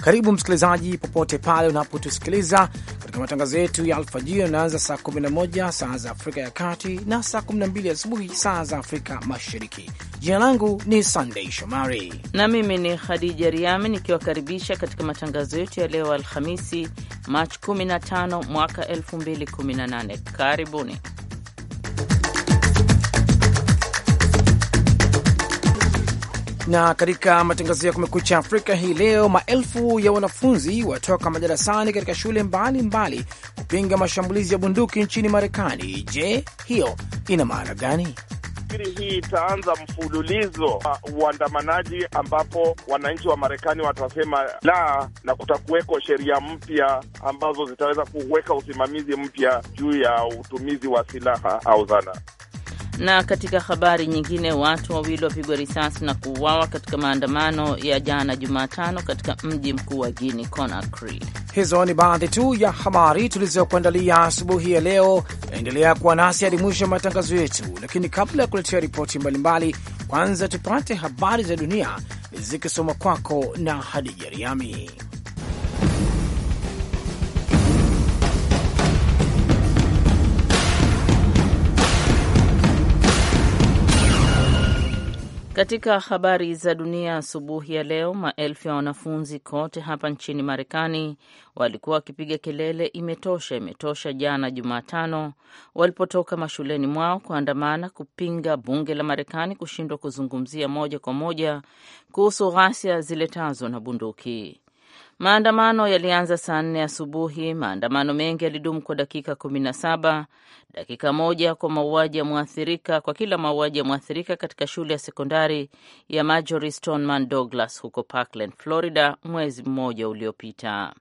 Karibu msikilizaji, popote pale unapotusikiliza katika matangazo yetu ya alfajiri yanaanza saa 11 saa za Afrika ya Kati na saa 12 asubuhi saa za Afrika Mashariki. Jina langu ni sandei Shomari na mimi ni Khadija Riami nikiwakaribisha katika matangazo yetu ya leo Alhamisi, Machi 15 mwaka 2018. Karibuni. Na katika matangazo ya Kumekucha Afrika hii leo, maelfu ya wanafunzi watoka madarasani katika shule mbalimbali mbali kupinga mashambulizi ya bunduki nchini Marekani. Je, hiyo ina maana gani? iri hii itaanza mfululizo wa uandamanaji ambapo wananchi wa Marekani watasema la, na kutakuweko sheria mpya ambazo zitaweza kuweka usimamizi mpya juu ya utumizi wa silaha au zana. Na katika habari nyingine, watu wawili wapigwa risasi na kuuawa katika maandamano ya jana Jumatano katika mji mkuu wa guini Conakry. Hizo ni baadhi tu ya habari tulizokuandalia asubuhi ya leo. Endelea kuwa nasi hadi mwisho ya matangazo yetu, lakini kabla ya kuletea ripoti mbalimbali, kwanza tupate habari za dunia zikisoma kwako na Hadija Riami. Katika habari za dunia asubuhi ya leo, maelfu ya wanafunzi kote hapa nchini Marekani walikuwa wakipiga kelele imetosha, imetosha, jana Jumatano walipotoka mashuleni mwao kuandamana kupinga bunge la Marekani kushindwa kuzungumzia moja kwa moja kuhusu ghasia ziletazo na bunduki. Maandamano yalianza saa nne asubuhi. Maandamano mengi yalidumu kwa dakika kumi na saba, dakika moja kwa mauaji ya mwathirika kwa kila mauaji ya mwathirika katika shule ya sekondari ya Marjory Stoneman Douglas huko Parkland, Florida, mwezi mmoja uliopita.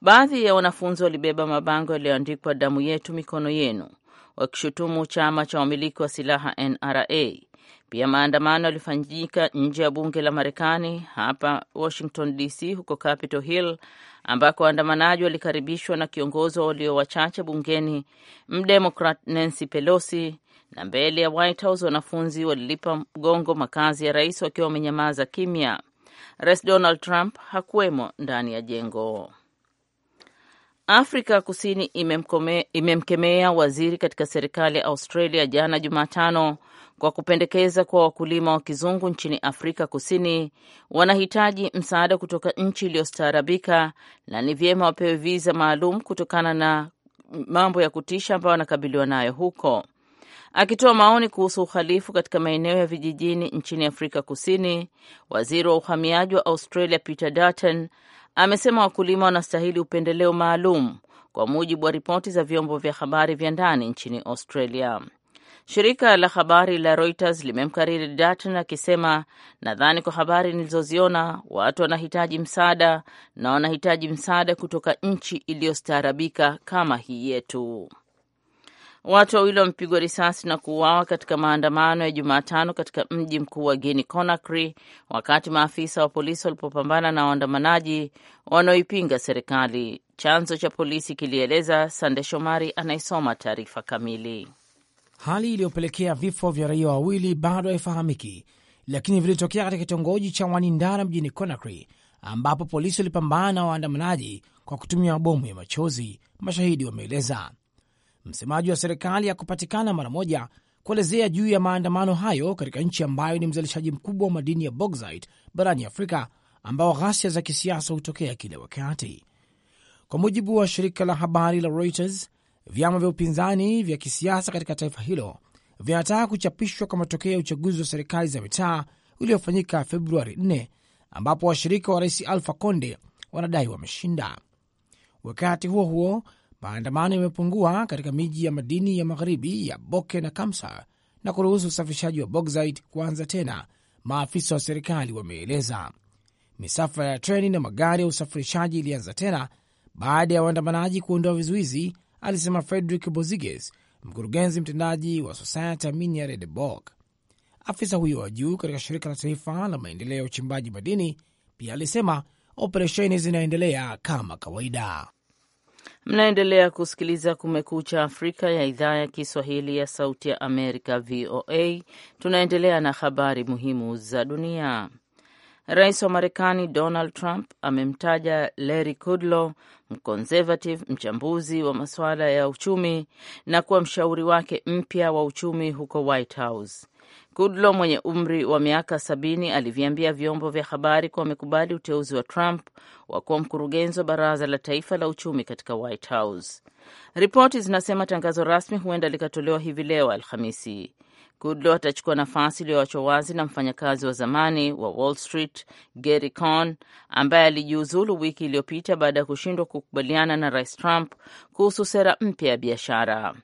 Baadhi ya wanafunzi walibeba mabango yaliyoandikwa damu yetu mikono yenu, wakishutumu chama cha wamiliki wa silaha NRA pia maandamano yalifanyika nje ya bunge la Marekani hapa Washington DC, huko Capitol Hill ambako waandamanaji walikaribishwa na kiongozi wa walio wachache bungeni mdemokrat Nancy Pelosi, na mbele ya White House wanafunzi walilipa mgongo makazi ya rais wakiwa wamenyamaza kimya. Rais Donald Trump hakuwemo ndani ya jengo. Afrika Kusini imemkemea waziri katika serikali ya Australia jana Jumatano kwa kupendekeza kuwa wakulima wa kizungu nchini Afrika Kusini wanahitaji msaada kutoka nchi iliyostaarabika na ni vyema wapewe viza maalum kutokana na mambo ya kutisha ambayo wanakabiliwa nayo huko. Akitoa maoni kuhusu uhalifu katika maeneo ya vijijini nchini Afrika Kusini, waziri wa uhamiaji wa Australia Peter Dutton amesema wakulima wanastahili upendeleo maalum kwa mujibu wa ripoti za vyombo vya habari vya ndani nchini Australia. Shirika la habari la Reuters limemkariri Dutton akisema, nadhani kwa habari nilizoziona, watu wanahitaji msaada na wanahitaji msaada kutoka nchi iliyostaarabika kama hii yetu. Watu wawili wamepigwa risasi na kuuawa katika maandamano ya Jumatano katika mji mkuu wa Guinea Conakry, wakati maafisa wa polisi walipopambana na waandamanaji wanaoipinga serikali. Chanzo cha polisi kilieleza. Sande Shomari anayesoma taarifa kamili. Hali iliyopelekea vifo vya raia wawili bado haifahamiki, lakini vilitokea katika kitongoji cha Wanindara mjini Conakry, ambapo polisi walipambana na waandamanaji kwa kutumia mabomu ya machozi, mashahidi wameeleza. Msemaji wa serikali kupatikana mara moja kuelezea juu ya maandamano hayo katika nchi ambayo ni mzalishaji mkubwa wa madini ya bauxite barani Afrika, ambao ghasia za kisiasa hutokea kila wakati. Kwa mujibu wa shirika la habari la Reuters, vyama vya upinzani vya kisiasa katika taifa hilo vinataka kuchapishwa kwa matokeo ya uchaguzi wa serikali za mitaa uliofanyika Februari 4 ambapo washirika wa rais Alfa Conde wanadai wameshinda. Wakati huo huo, Maandamano yamepungua katika miji ya madini ya magharibi ya Boke na Kamsa na kuruhusu usafirishaji wa bauxite kuanza tena, maafisa wa serikali wameeleza. Misafara ya treni na magari ya usafirishaji ilianza tena baada ya waandamanaji kuondoa vizuizi, alisema Frederick Boziges, mkurugenzi mtendaji wa Societe Miniere de Bog. Afisa huyo wa juu katika shirika la taifa la maendeleo ya uchimbaji madini pia alisema operesheni zinaendelea kama kawaida. Mnaendelea kusikiliza Kumekucha Afrika ya idhaa ya Kiswahili ya Sauti ya Amerika, VOA. Tunaendelea na habari muhimu za dunia. Rais wa Marekani Donald Trump amemtaja Larry Kudlow, mconservative mchambuzi wa masuala ya uchumi, na kuwa mshauri wake mpya wa uchumi huko White House. Kudlo mwenye umri wa miaka sabini aliviambia vyombo vya habari kuwa amekubali uteuzi wa Trump wa kuwa mkurugenzi wa baraza la taifa la uchumi katika White House. Ripoti zinasema tangazo rasmi huenda likatolewa hivi leo Alhamisi. kudlo atachukua nafasi iliyoachwa wazi na mfanyakazi wa zamani wa Wall Street Gary Cohn ambaye alijiuzulu wiki iliyopita baada ya kushindwa kukubaliana na Rais Trump kuhusu sera mpya ya biashara.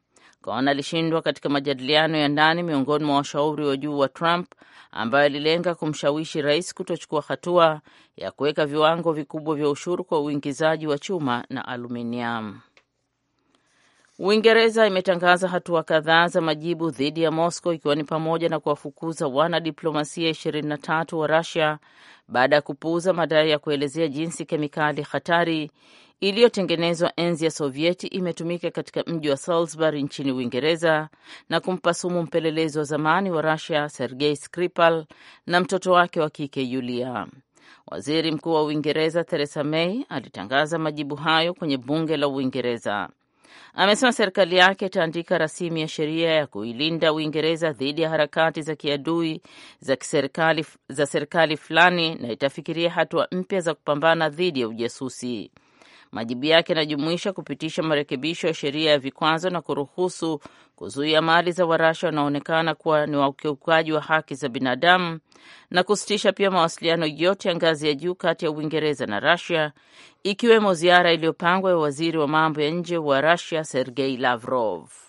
Cohen alishindwa katika majadiliano ya ndani miongoni mwa washauri wa juu wa Trump ambayo alilenga kumshawishi rais kutochukua hatua ya kuweka viwango vikubwa vya ushuru kwa uingizaji wa chuma na aluminium. Uingereza imetangaza hatua kadhaa za majibu dhidi ya Moscow ikiwa ni pamoja na kuwafukuza wanadiplomasia tatu wa rasia baada ya kupuuza madai ya kuelezea jinsi kemikali hatari iliyotengenezwa enzi ya Sovieti imetumika katika mji wa Salisbury nchini Uingereza na kumpa sumu mpelelezi wa zamani wa Rusia Sergei Skripal na mtoto wake wa kike Yulia. Waziri Mkuu wa Uingereza Theresa May alitangaza majibu hayo kwenye bunge la Uingereza. Amesema serikali yake itaandika rasimu ya sheria ya kuilinda Uingereza dhidi ya harakati za kiadui za kiserikali za serikali fulani na itafikiria hatua mpya za kupambana dhidi ya ujasusi. Majibu yake yanajumuisha kupitisha marekebisho ya sheria ya vikwazo na kuruhusu kuzuia mali za warasha wanaonekana kuwa ni wakiukaji wa haki za binadamu na kusitisha pia mawasiliano yote ya ngazi ya juu kati ya Uingereza na Rusia, ikiwemo ziara iliyopangwa ya waziri wa mambo ya nje wa Rusia Sergei Lavrov.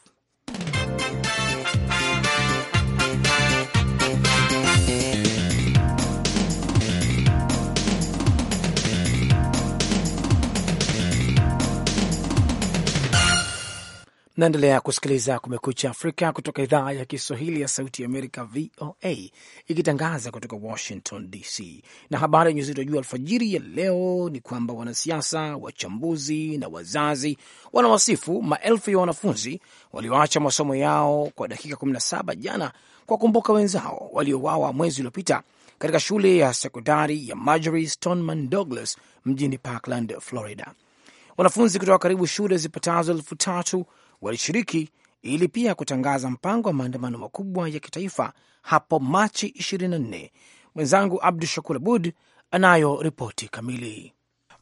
Naendelea kusikiliza Kumekucha Afrika kutoka idhaa ya Kiswahili ya Sauti ya Amerika, VOA, ikitangaza kutoka Washington DC. Na habari yenye uzito juu alfajiri ya leo ni kwamba wanasiasa, wachambuzi na wazazi wanawasifu maelfu ya wanafunzi walioacha masomo yao kwa dakika 17 jana kwa kumbuka wenzao waliowawa mwezi uliopita katika shule ya sekondari ya Marjory Stoneman Douglas mjini Parkland, Florida. Wanafunzi kutoka karibu shule zipatazo elfu tatu walishiriki ili pia kutangaza mpango wa maandamano makubwa ya kitaifa hapo Machi 24. Mwenzangu Abdu Shakur Abud anayo ripoti kamili.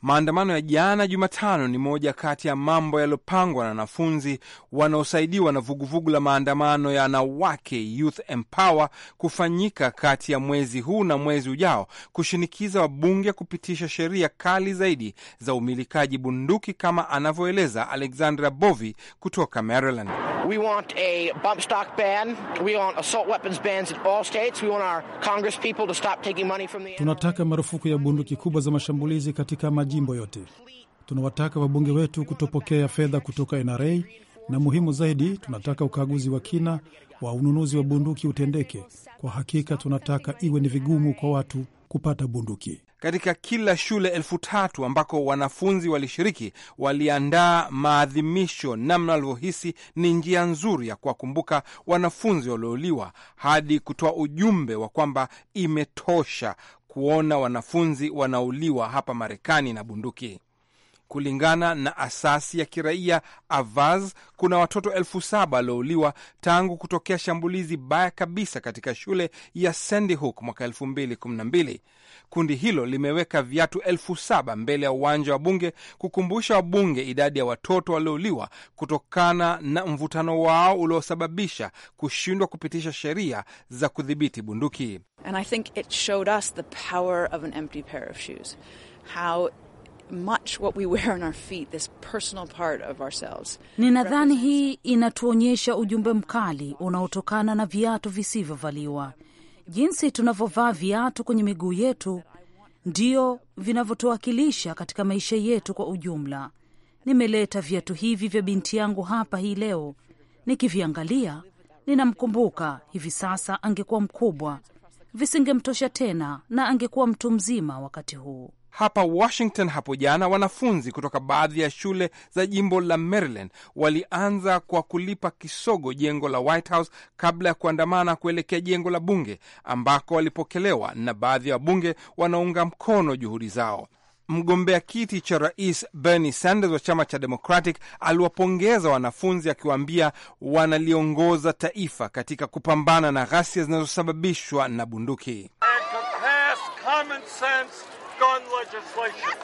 Maandamano ya jana Jumatano ni moja kati ya mambo yaliyopangwa na wanafunzi wanaosaidiwa na vuguvugu la maandamano ya wanawake Youth Empower kufanyika kati ya mwezi huu na mwezi ujao kushinikiza wabunge kupitisha sheria kali zaidi za umilikaji bunduki kama anavyoeleza Alexandra Bovi kutoka Maryland. We want a bump stock ban. We want assault weapons bans in all states. We want our Congress people to stop taking money from the Tunataka marufuku ya bunduki kubwa za mashambulizi katika majimbo yote. Tunawataka wabunge wetu kutopokea fedha kutoka NRA na muhimu zaidi, tunataka ukaguzi wa kina wa ununuzi wa bunduki utendeke. Kwa hakika tunataka iwe ni vigumu kwa watu kupata bunduki katika kila shule elfu tatu ambako wanafunzi walishiriki, waliandaa maadhimisho namna walivyohisi ni njia nzuri ya kuwakumbuka wanafunzi waliouliwa, hadi kutoa ujumbe wa kwamba imetosha kuona wanafunzi wanauliwa hapa Marekani na bunduki. Kulingana na asasi ya kiraia Avaz, kuna watoto elfu saba waliouliwa tangu kutokea shambulizi baya kabisa katika shule ya Sandy Hook mwaka mbili. Kundi hilo limeweka viatu elfu saba mbele ya uwanja wa bunge kukumbusha wabunge idadi ya watoto waliouliwa kutokana na mvutano wao uliosababisha kushindwa kupitisha sheria za kudhibiti bunduki. And I think it showed us the power of an empty pair of shoes. How Ninadhani hii inatuonyesha ujumbe mkali unaotokana na viatu visivyovaliwa jinsi tunavyovaa viatu kwenye miguu yetu ndio vinavyotuwakilisha katika maisha yetu kwa ujumla. Nimeleta viatu hivi vya binti yangu hapa hii leo, nikiviangalia ninamkumbuka hivi sasa. Angekuwa mkubwa, visingemtosha tena, na angekuwa mtu mzima wakati huu. Hapa Washington hapo jana, wanafunzi kutoka baadhi ya shule za jimbo la Maryland walianza kwa kulipa kisogo jengo la White House kabla ya kuandamana kuelekea jengo la bunge ambako walipokelewa na baadhi ya wa wabunge wanaunga mkono juhudi zao. Mgombea kiti cha rais Bernie Sanders wa chama cha Democratic aliwapongeza wanafunzi akiwaambia wanaliongoza taifa katika kupambana na ghasia zinazosababishwa na bunduki legislation.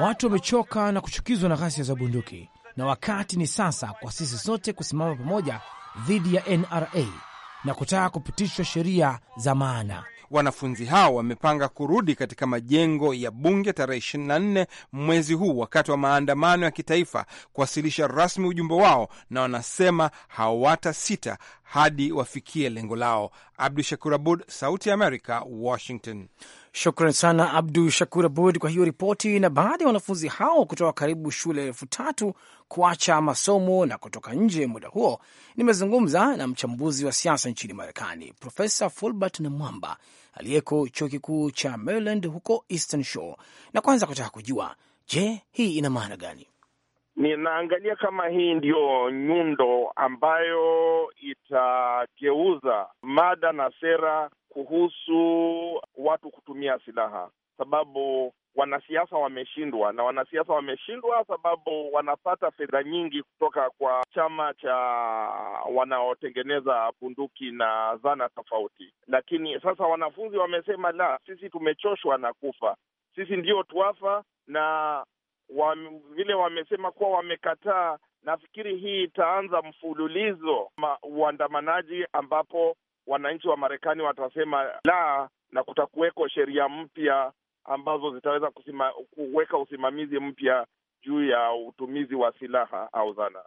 Watu wamechoka na kuchukizwa na ghasia za bunduki na wakati ni sasa kwa sisi sote kusimama pamoja dhidi ya NRA na kutaka kupitishwa sheria za maana Wanafunzi hao wamepanga kurudi katika majengo ya bunge tarehe 24 mwezi huu wakati wa maandamano ya kitaifa kuwasilisha rasmi ujumbe wao, na wanasema hawata sita hadi wafikie lengo lao. Abdu Shakur Abud, Sauti ya Amerika, Washington. Shukran sana Abdu Shakur Abud kwa hiyo ripoti. Na baada ya wanafunzi hao kutoka karibu shule elfu tatu kuacha masomo na kutoka nje muda huo, nimezungumza na mchambuzi wa siasa nchini Marekani Profesa Fulbert Namwamba aliyeko chuo kikuu cha Maryland huko Eastern Shore, na kwanza kutaka kujua, je, hii ina maana gani? Ninaangalia kama hii ndiyo nyundo ambayo itageuza mada na sera kuhusu watu kutumia silaha sababu wanasiasa wameshindwa, na wanasiasa wameshindwa sababu wanapata fedha nyingi kutoka kwa chama cha wanaotengeneza bunduki na zana tofauti. Lakini sasa wanafunzi wamesema, la, sisi tumechoshwa na kufa, sisi ndio tuafa, na wame, vile wamesema kuwa wamekataa. Nafikiri hii itaanza mfululizo uandamanaji ambapo wananchi wa Marekani watasema la, na kutakuweko sheria mpya ambazo zitaweza kusima, kuweka usimamizi mpya juu ya utumizi wa silaha au zana.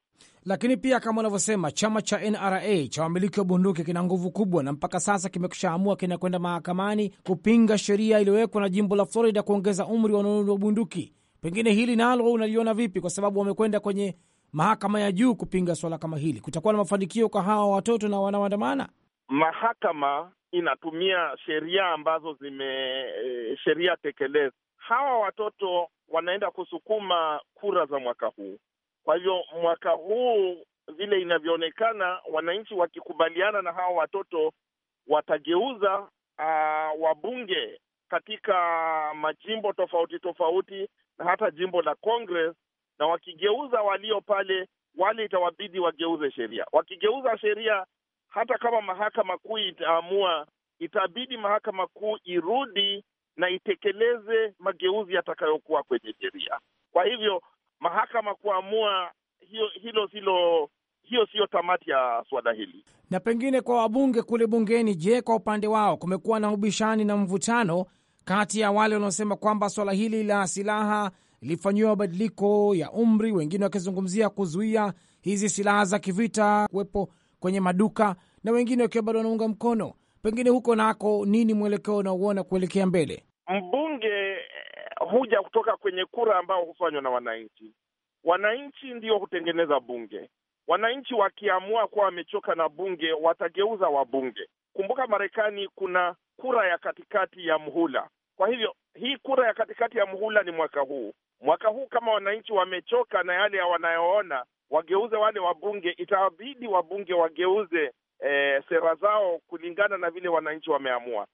Lakini pia kama unavyosema, chama cha NRA cha wamiliki wa bunduki kina nguvu kubwa, na mpaka sasa kimekushaamua kinakwenda mahakamani kupinga sheria iliyowekwa na jimbo la Florida kuongeza umri wa ununuzi wa bunduki. Pengine hili nalo unaliona vipi? Kwa sababu wamekwenda kwenye mahakama ya juu kupinga swala kama hili, kutakuwa na mafanikio kwa hawa watoto na wanaoandamana? Mahakama inatumia sheria ambazo zime eh, sheria tekelezi. Hawa watoto wanaenda kusukuma kura za mwaka huu. Kwa hivyo mwaka huu vile inavyoonekana, wananchi wakikubaliana na hawa watoto watageuza uh, wabunge katika majimbo tofauti tofauti na hata jimbo la Congress, na wakigeuza walio pale wale, itawabidi wageuze sheria. Wakigeuza sheria hata kama mahakama kuu itaamua, itabidi mahakama kuu irudi na itekeleze mageuzi yatakayokuwa kwenye sheria. Kwa hivyo mahakama kuamua hiyo, hilo silo, hiyo siyo tamati ya suala hili. Na pengine kwa wabunge kule bungeni, je, kwa upande wao kumekuwa na ubishani na mvutano kati ya wale wanaosema kwamba suala hili la silaha lifanyiwa mabadiliko ya umri, wengine wakizungumzia kuzuia hizi silaha za kivita kuwepo kwenye maduka na wengine wakiwa bado wanaunga mkono. Pengine huko nako, nini mwelekeo unaouona kuelekea mbele? Mbunge eh, huja kutoka kwenye kura ambao hufanywa na wananchi. Wananchi ndio hutengeneza bunge. Wananchi wakiamua kuwa wamechoka na bunge, watageuza wabunge. Kumbuka Marekani kuna kura ya katikati ya mhula. Kwa hivyo hii kura ya katikati ya mhula ni mwaka huu. Mwaka huu kama wananchi wamechoka na yale wanayoona, wageuze wale wabunge, itawabidi wabunge wageuze eh, sera zao kulingana na vile wananchi wameamua,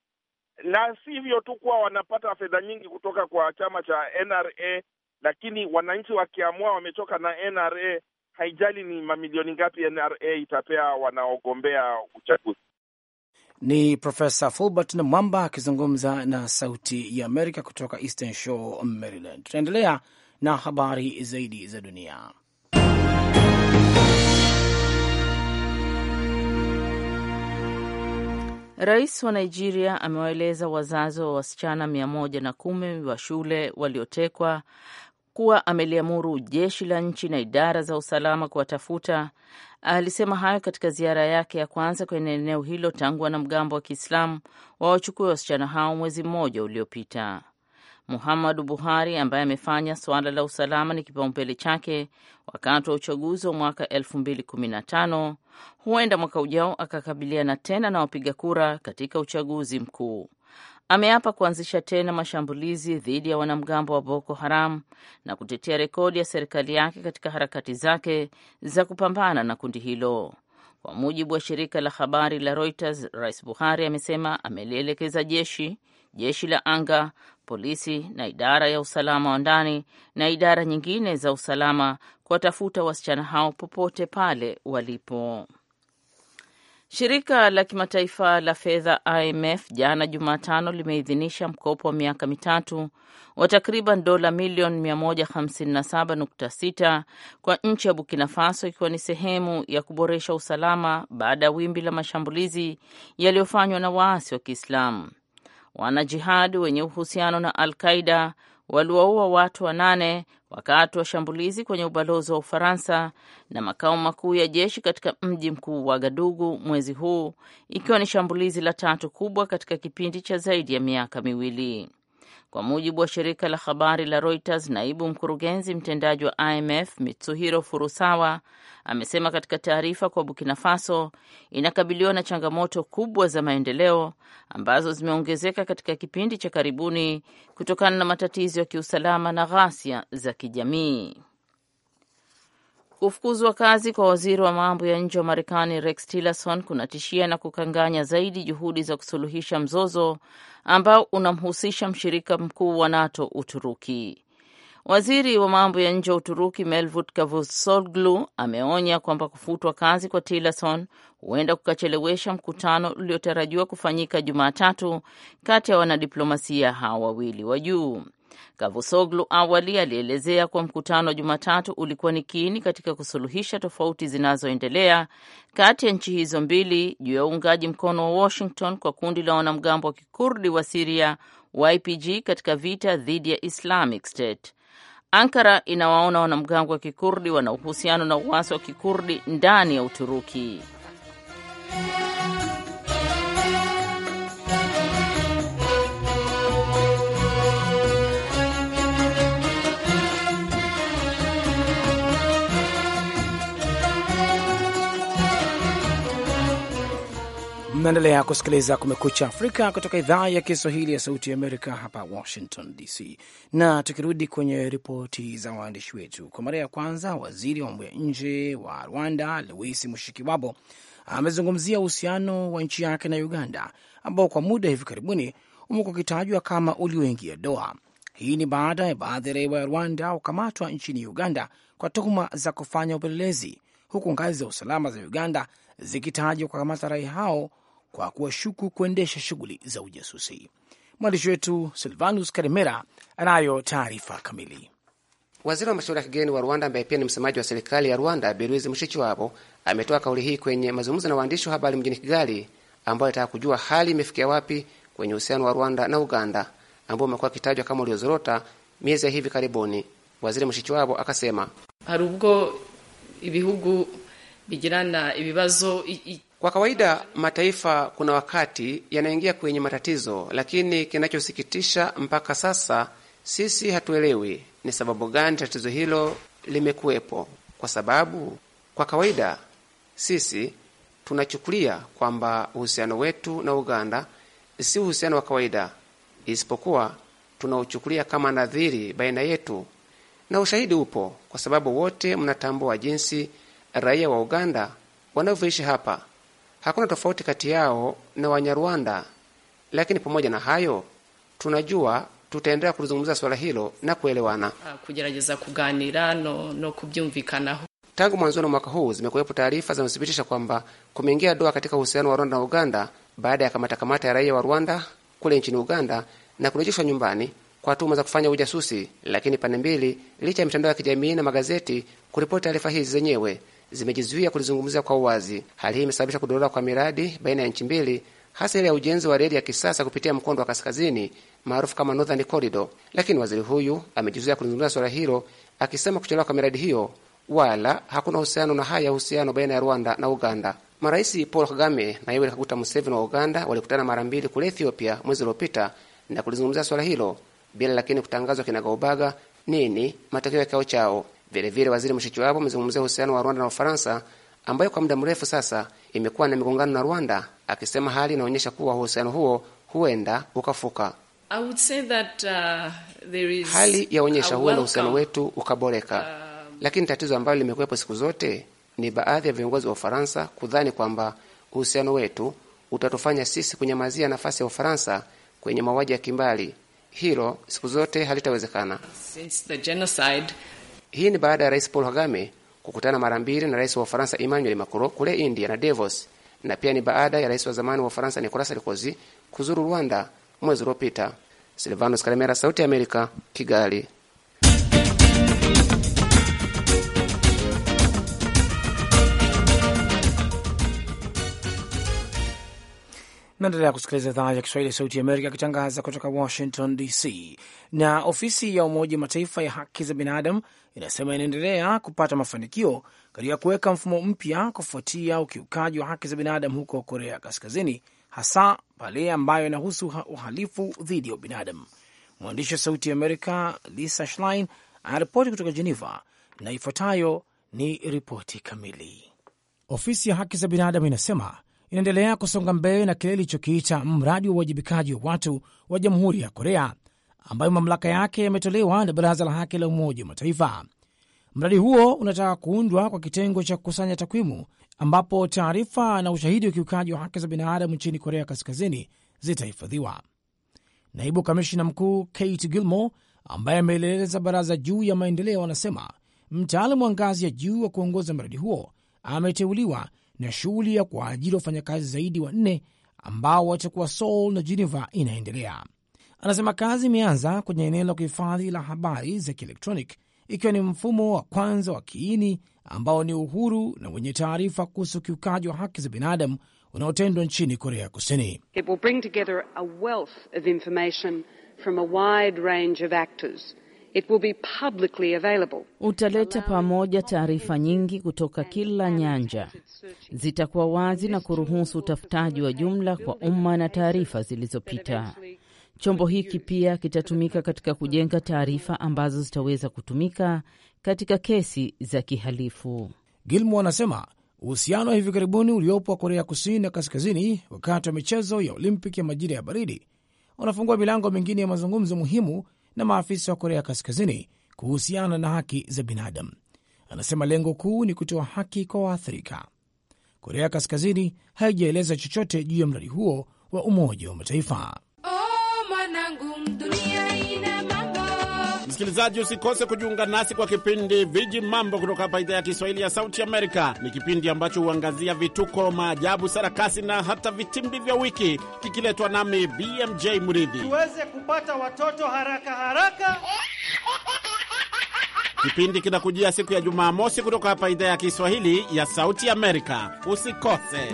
na si hivyo tu kuwa wanapata fedha nyingi kutoka kwa chama cha NRA, lakini wananchi wakiamua wamechoka na NRA, haijali ni mamilioni ngapi NRA itapea wanaogombea uchaguzi. Ni Profesa Fulbert na Mwamba akizungumza na Sauti ya Amerika kutoka Eastern Shore, Maryland. Tunaendelea na habari zaidi za dunia. Rais wa Nigeria amewaeleza wazazi wa wasichana mia moja na kumi wa shule waliotekwa kuwa ameliamuru jeshi la nchi na idara za usalama kuwatafuta. Alisema hayo katika ziara yake ya kwanza kwenye eneo hilo tangu wanamgambo wa Kiislamu wawachukue wasichana hao mwezi mmoja uliopita. Muhammadu Buhari ambaye amefanya suala la usalama ni kipaumbele chake wakati wa uchaguzi wa mwaka 2015 huenda mwaka ujao akakabiliana tena na wapiga kura katika uchaguzi mkuu. Ameapa kuanzisha tena mashambulizi dhidi ya wanamgambo wa Boko Haram na kutetea rekodi ya serikali yake katika harakati zake za kupambana na kundi hilo. Kwa mujibu wa shirika la habari la Reuters, Rais Buhari amesema amelielekeza jeshi jeshi la anga, polisi na idara ya usalama wa ndani na idara nyingine za usalama kuwatafuta wasichana hao popote pale walipo. Shirika la kimataifa la fedha IMF jana Jumatano limeidhinisha mkopo wa miaka mitatu wa takriban dola milioni 157.6 kwa nchi ya Burkina Faso, ikiwa ni sehemu ya kuboresha usalama baada ya wimbi la mashambulizi yaliyofanywa na waasi wa Kiislamu. Wanajihadi wenye uhusiano na Al Qaida waliwaua watu wanane wakati wa shambulizi kwenye ubalozi wa Ufaransa na makao makuu ya jeshi katika mji mkuu wa Gadugu mwezi huu, ikiwa ni shambulizi la tatu kubwa katika kipindi cha zaidi ya miaka miwili. Kwa mujibu wa shirika la habari la Reuters, naibu mkurugenzi mtendaji wa IMF Mitsuhiro Furusawa amesema katika taarifa kwa Burkina Faso inakabiliwa na changamoto kubwa za maendeleo ambazo zimeongezeka katika kipindi cha karibuni kutokana na matatizo ya kiusalama na ghasia za kijamii. Kufukuzwa kazi kwa waziri wa mambo ya nje wa Marekani Rex Tillerson kunatishia na kukanganya zaidi juhudi za kusuluhisha mzozo ambao unamhusisha mshirika mkuu wa NATO, Uturuki. Waziri wa mambo ya nje wa Uturuki Mevlut Cavusoglu ameonya kwamba kufutwa kazi kwa Tillerson huenda kukachelewesha mkutano uliotarajiwa kufanyika Jumatatu kati ya wanadiplomasia hawa wawili wa juu kavusoglu awali alielezea kuwa mkutano wa Jumatatu ulikuwa ni kiini katika kusuluhisha tofauti zinazoendelea kati ya nchi hizo mbili juu ya uungaji mkono wa Washington kwa kundi la wanamgambo wa kikurdi wa Siria YPG katika vita dhidi ya Islamic State. Ankara inawaona wanamgambo wa kikurdi wana uhusiano na uasi wa kikurdi ndani ya Uturuki. Mnaendelea kusikiliza Kumekucha Afrika kutoka idhaa ya Kiswahili ya Sauti ya Amerika hapa Washington DC. Na tukirudi kwenye ripoti za waandishi wetu, kwa mara ya kwanza waziri wa mambo ya nje wa Rwanda Louis Mushikiwabo amezungumzia uhusiano wa nchi yake na Uganda ambao kwa muda hivi karibuni umekuwa ukitajwa kama ulioingia doa. Hii ni baada ya baadhi ya raia wa Rwanda kukamatwa nchini Uganda kwa tuhuma za kufanya upelelezi, huku ngazi za usalama za Uganda zikitajwa kukamata raia hao kwa kuwashuku kuendesha shughuli za ujasusi. Mwandishi wetu Silvanus Karimera anayo taarifa kamili. Waziri wa mashauri ya kigeni wa Rwanda ambaye pia ni msemaji wa serikali ya Rwanda Aloise Mushikiwabo ametoa kauli hii kwenye mazungumzo na waandishi wa habari mjini Kigali, ambayo alitaka kujua hali imefikia wapi kwenye uhusiano wa Rwanda na Uganda ambao umekuwa akitajwa kama uliozorota miezi ya hivi karibuni. Waziri Mushikiwabo akasema hari ubwo ibihugu bigirana ibibazo kwa kawaida mataifa kuna wakati yanaingia kwenye matatizo, lakini kinachosikitisha mpaka sasa sisi hatuelewi ni sababu gani tatizo hilo limekuwepo, kwa sababu kwa kawaida sisi tunachukulia kwamba uhusiano wetu na Uganda si uhusiano wa kawaida, isipokuwa tunauchukulia kama nadhiri baina yetu, na ushahidi upo, kwa sababu wote mnatambua jinsi raia wa Uganda wanavyoishi hapa Hakuna tofauti kati yao na Wanyarwanda, lakini pamoja na hayo tunajua tutaendelea kulizungumza swala hilo na kuelewana ah, kujarajiza kuganira no, no kubyumvikanaho. Tangu mwanzoni mwaka huu zimekuwepo taarifa zinazothibitisha kwamba kumeingia doa katika uhusiano wa Rwanda na Uganda baada ya kamatakamata ya raia wa Rwanda kule nchini Uganda na kurejeshwa nyumbani kwa tuhuma za kufanya ujasusi. Lakini pande mbili, licha ya mitandao ya kijamii na magazeti kuripoti taarifa hizi zenyewe zimejizuia kulizungumzia kwa uwazi. Hali hii imesababisha kudorora kwa miradi baina ya nchi mbili, hasa ile ya ujenzi wa reli ya kisasa kupitia mkondo wa kaskazini maarufu kama Northern Corridor. Lakini waziri huyu amejizuia kulizungumzia suala hilo, akisema kuchelewa kwa miradi hiyo wala hakuna uhusiano na haya uhusiano baina ya Rwanda na Uganda. Marais Paul Kagame na Yoweri Kaguta Museveni wa Uganda walikutana mara mbili kule Ethiopia mwezi uliopita na kulizungumzia swala hilo bila lakini kutangazwa kinagaubaga nini matokeo ya kikao chao. Vilevile waziri Mushikiwabo amezungumzia uhusiano wa Rwanda na Ufaransa ambayo kwa muda mrefu sasa imekuwa na migongano na Rwanda, akisema hali inaonyesha kuwa uhusiano huo huenda ukafuka. I would say that, uh, there is hali yaonyesha huenda uhusiano wetu ukaboreka. Uh, lakini tatizo ambalo limekuwepo siku zote ni baadhi ya viongozi wa Ufaransa kudhani kwamba uhusiano wetu utatufanya sisi kunyamazia nafasi ya Ufaransa kwenye mauaji ya kimbali. Hilo siku zote halitawezekana. Since the genocide, hii ni baada ya Rais Paul Kagame kukutana mara mbili na rais wa Ufaransa Emmanuel Macron kule India na Davos, na pia ni baada ya rais wa zamani wa Ufaransa Nicolas Sarkozy kuzuru Rwanda mwezi uliopita. Silvanos Karemera, Sauti ya Amerika, Kigali. Naendelea kusikiliza idhaa ya Kiswahili ya Sauti ya Amerika ikitangaza kutoka Washington DC. Na ofisi ya Umoja Mataifa ya haki za binadamu inasema inaendelea kupata mafanikio katika kuweka mfumo mpya kufuatia ukiukaji wa haki za binadamu huko Korea Kaskazini, hasa pale ambayo inahusu uhalifu dhidi ya ubinadamu. Mwandishi wa Sauti ya Amerika Lisa Schlein anaripoti kutoka Geneva na ifuatayo ni ripoti kamili. Ofisi ya haki za binadamu inasema inaendelea kusonga mbele na kile ilichokiita mradi wa uwajibikaji wa watu wa Jamhuri ya Korea ambayo mamlaka yake yametolewa na Baraza la Haki la Umoja wa Mataifa. Mradi huo unataka kuundwa kwa kitengo cha kukusanya takwimu ambapo taarifa na ushahidi wa ukiukaji wa haki za binadamu nchini Korea Kaskazini zitahifadhiwa. Naibu kamishina mkuu Kate Gilmore, ambaye ameeleza baraza juu ya maendeleo, anasema mtaalamu wa ngazi ya juu wa kuongoza mradi huo ameteuliwa na shughuli ya kuwaajiri wafanyakazi zaidi wanne ambao watakuwa Seoul na Geneva inaendelea. Anasema kazi imeanza kwenye eneo la kuhifadhi la habari za kielektronic, ikiwa ni mfumo wa kwanza wa kiini ambao ni uhuru na wenye taarifa kuhusu ukiukaji wa haki za binadamu unaotendwa nchini Korea Kusini. Utaleta pamoja taarifa nyingi kutoka kila nyanja, zitakuwa wazi na kuruhusu utafutaji wa jumla kwa umma na taarifa zilizopita. Chombo hiki pia kitatumika katika kujenga taarifa ambazo zitaweza kutumika katika kesi za kihalifu. gilmo anasema uhusiano wa hivi karibuni uliopo wa Korea Kusini na Kaskazini wakati wa michezo ya Olimpik ya majira ya baridi unafungua milango mingine ya mazungumzo muhimu na maafisa wa Korea Kaskazini kuhusiana na haki za binadamu. Anasema lengo kuu ni kutoa haki kwa waathirika. Korea Kaskazini haijaeleza chochote juu ya mradi huo wa Umoja wa Mataifa. Msikilizaji, usikose kujiunga nasi kwa kipindi Viji Mambo kutoka hapa idhaa ya Kiswahili ya Sauti Amerika. Ni kipindi ambacho huangazia vituko, maajabu, sarakasi na hata vitimbi vya wiki, kikiletwa nami BMJ Mridhi, tuweze kupata watoto haraka haraka. Kipindi kinakujia siku ya Jumamosi kutoka hapa idhaa ya Kiswahili ya Sauti Amerika. Usikose.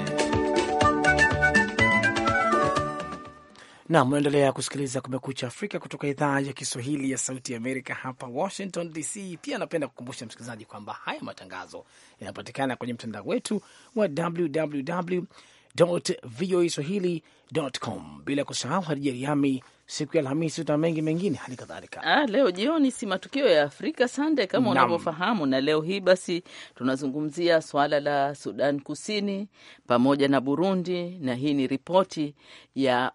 na mnaendelea kusikiliza Kumekucha Afrika kutoka idhaa ya Kiswahili ya Sauti ya Amerika hapa Washington DC. Pia napenda kukumbusha msikilizaji kwamba haya matangazo yanapatikana kwenye mtandao wetu wa www voa swahili.com, bila kusahau Hadija Riami siku ya Alhamisi tuna mengi mengine hali kadhalika. Ah, leo jioni si matukio ya Afrika Sande kama unavyofahamu, na leo hii basi tunazungumzia swala la Sudan Kusini pamoja na Burundi, na hii ni ripoti ya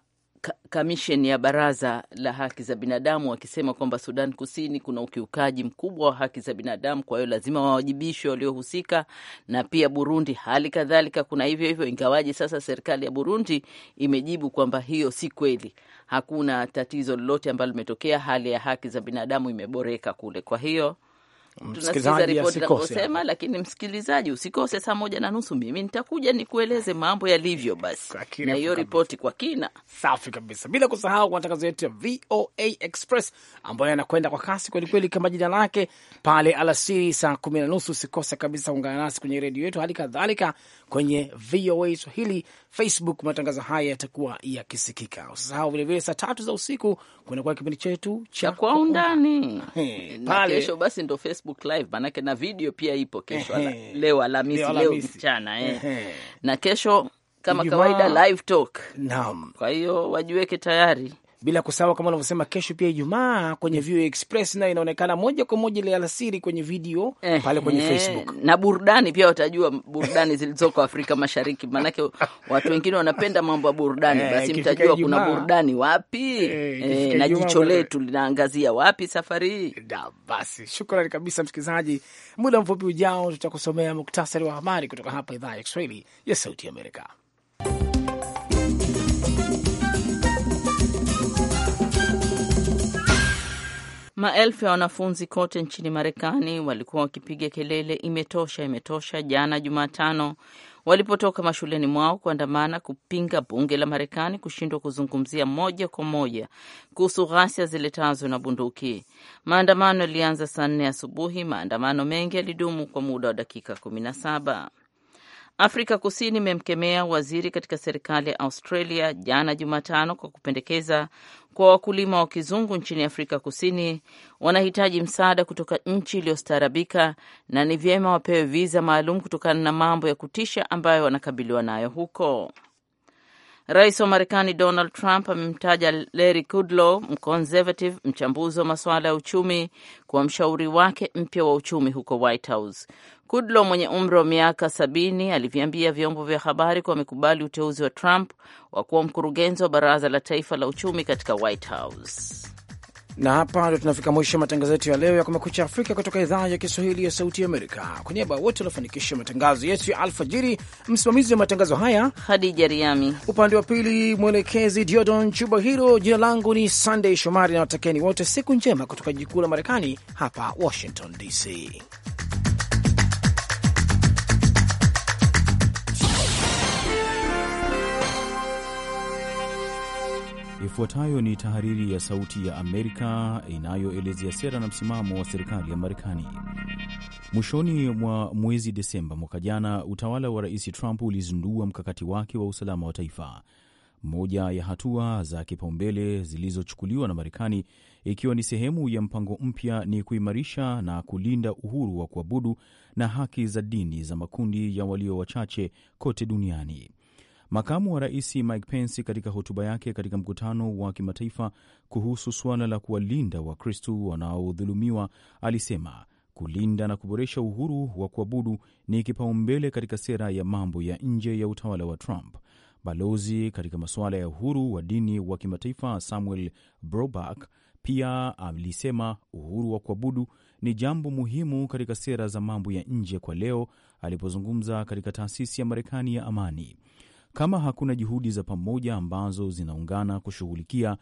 kamisheni ya baraza la haki za binadamu wakisema kwamba Sudan Kusini kuna ukiukaji mkubwa wa haki za binadamu, kwa hiyo lazima wawajibishwe waliohusika, na pia Burundi hali kadhalika kuna hivyo hivyo, ingawaji sasa serikali ya Burundi imejibu kwamba hiyo si kweli, hakuna tatizo lolote ambalo limetokea, hali ya haki za binadamu imeboreka kule, kwa hiyo tunasikiza ripoti lakini msikilizaji usikose saa moja na nusu, mimi nitakuja nikueleze mambo yalivyo basi na hiyo ripoti kwa kina. Safi kabisa, bila kusahau matangazo yetu ya VOA Express ambayo yanakwenda kwa kasi kwelikweli kama jina lake pale, alasiri saa kumi na nusu. Usikose kabisa, ungana nasi kwenye redio yetu, hali kadhalika kwenye VOA Swahili Facebook. Matangazo haya yatakuwa yakisikika. Usisahau vilevile saa tatu za usiku kunakuwa kipindi chetu cha kwa undani pale. Kesho basi ndo Facebook Facebook live manake na video pia ipo kesho ala, leo Alhamisi leo, leo mchana eh. na kesho kama Ujima, kawaida live talk. Naam. Kwa hiyo wajiweke tayari bila kusahau kama unavyosema, kesho pia Ijumaa kwenye mm. VOA Express nayo inaonekana moja kwa moja ile alasiri kwenye video eh, pale kwenye eh, Facebook na burudani pia watajua burudani zilizoko Afrika Mashariki, maanake watu wengine wanapenda mambo ya burudani eh, basi mtajua yuma, kuna burudani wapi eh, eh, na jicho letu linaangazia wapi safari. Basi shukrani kabisa msikilizaji, muda mfupi ujao tutakusomea muktasari wa habari kutoka hapa idhaa ya Kiswahili ya Sauti ya Amerika. Maelfu ya wanafunzi kote nchini Marekani walikuwa wakipiga kelele imetosha, imetosha jana Jumatano walipotoka mashuleni mwao kuandamana kupinga bunge la Marekani kushindwa kuzungumzia moja kwa moja kuhusu ghasia ziletazo na bunduki. Maandamano yalianza saa nne asubuhi. Maandamano mengi yalidumu kwa muda wa dakika kumi na saba. Afrika Kusini imemkemea waziri katika serikali ya Australia jana Jumatano kwa kupendekeza kwa wakulima wa kizungu nchini Afrika Kusini wanahitaji msaada kutoka nchi iliyostaarabika na ni vyema wapewe viza maalum kutokana na mambo ya kutisha ambayo wanakabiliwa nayo huko. Rais wa Marekani Donald Trump amemtaja Larry Kudlow, mconservative mchambuzi wa masuala ya uchumi, kuwa mshauri wake mpya wa uchumi huko White House. Kudlow mwenye umri wa miaka sabini aliviambia vyombo vya habari kuwa amekubali uteuzi wa Trump wa kuwa mkurugenzi wa baraza la taifa la uchumi katika White House na hapa ndio tunafika mwisho matangazo yetu ya leo ya Kumekucha Afrika kutoka idhaa ya Kiswahili ya Sauti Amerika. Kwa niaba ya wote waliofanikisha matangazo yetu ya alfajiri, msimamizi wa matangazo haya Hadija Riami, upande wa pili mwelekezi Diodon Chuba Hiro. Jina langu ni Sandey Shomari na watakieni wote siku njema kutoka jiji kuu la Marekani, hapa Washington DC. Ifuatayo ni tahariri ya Sauti ya Amerika inayoelezea sera na msimamo wa serikali ya Marekani. Mwishoni mwa mwezi Desemba mwaka jana, utawala wa Rais Trump ulizindua mkakati wake wa usalama wa taifa. Moja ya hatua za kipaumbele zilizochukuliwa na Marekani ikiwa ni sehemu ya mpango mpya ni kuimarisha na kulinda uhuru wa kuabudu na haki za dini za makundi ya walio wachache kote duniani. Makamu wa rais Mike Pence katika hotuba yake katika mkutano wa kimataifa kuhusu suala la kuwalinda wakristu wanaodhulumiwa alisema kulinda na kuboresha uhuru wa kuabudu ni kipaumbele katika sera ya mambo ya nje ya utawala wa Trump. Balozi katika masuala ya uhuru wa dini wa kimataifa Samuel Broback pia alisema uhuru wa kuabudu ni jambo muhimu katika sera za mambo ya nje kwa leo, alipozungumza katika taasisi ya Marekani ya amani kama hakuna juhudi za pamoja ambazo zinaungana kushughulikia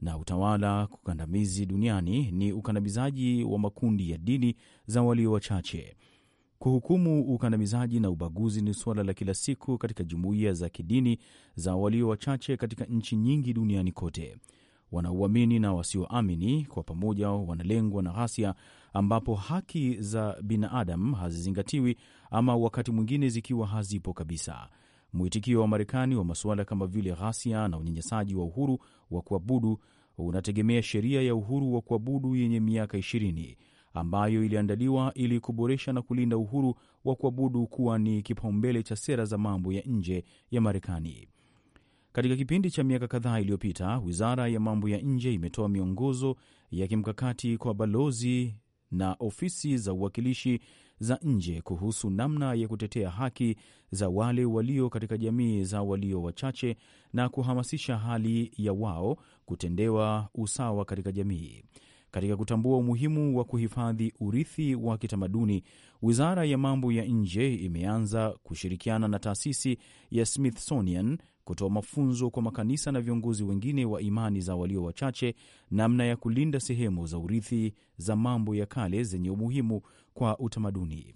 na utawala kukandamizi duniani ni ukandamizaji wa makundi ya dini za walio wachache. Kuhukumu ukandamizaji na ubaguzi ni suala la kila siku katika jumuiya za kidini za walio wachache katika nchi nyingi duniani kote. wanauamini na wasioamini kwa pamoja wanalengwa na ghasia, ambapo haki za binadam hazizingatiwi ama wakati mwingine zikiwa hazipo kabisa. Mwitikio wa Marekani wa masuala kama vile ghasia na unyanyasaji wa uhuru wa kuabudu unategemea sheria ya uhuru wa kuabudu yenye miaka ishirini ambayo iliandaliwa ili kuboresha na kulinda uhuru wa kuabudu kuwa ni kipaumbele cha sera za mambo ya nje ya Marekani. Katika kipindi cha miaka kadhaa iliyopita, wizara ya mambo ya nje imetoa miongozo ya kimkakati kwa balozi na ofisi za uwakilishi za nje kuhusu namna ya kutetea haki za wale walio katika jamii za walio wachache na kuhamasisha hali ya wao kutendewa usawa katika jamii. Katika kutambua umuhimu wa kuhifadhi urithi wa kitamaduni, Wizara ya Mambo ya Nje imeanza kushirikiana na taasisi ya Smithsonian kutoa mafunzo kwa makanisa na viongozi wengine wa imani za walio wachache namna ya kulinda sehemu za urithi za mambo ya kale zenye umuhimu kwa utamaduni.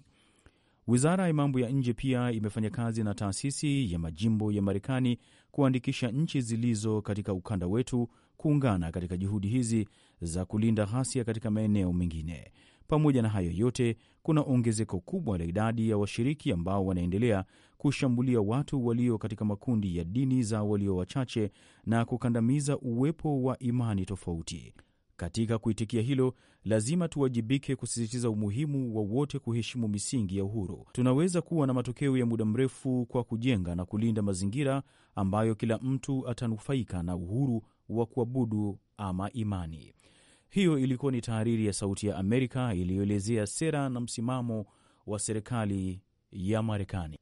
Wizara ya mambo ya nje pia imefanya kazi na taasisi ya majimbo ya Marekani kuandikisha nchi zilizo katika ukanda wetu kuungana katika juhudi hizi za kulinda ghasia katika maeneo mengine. Pamoja na hayo yote, kuna ongezeko kubwa la idadi ya washiriki ambao wanaendelea kushambulia watu walio katika makundi ya dini za walio wachache na kukandamiza uwepo wa imani tofauti. Katika kuitikia hilo, lazima tuwajibike kusisitiza umuhimu wa wote kuheshimu misingi ya uhuru. Tunaweza kuwa na matokeo ya muda mrefu kwa kujenga na kulinda mazingira ambayo kila mtu atanufaika na uhuru wa kuabudu ama imani. Hiyo ilikuwa ni tahariri ya Sauti ya Amerika iliyoelezea sera na msimamo wa serikali ya Marekani.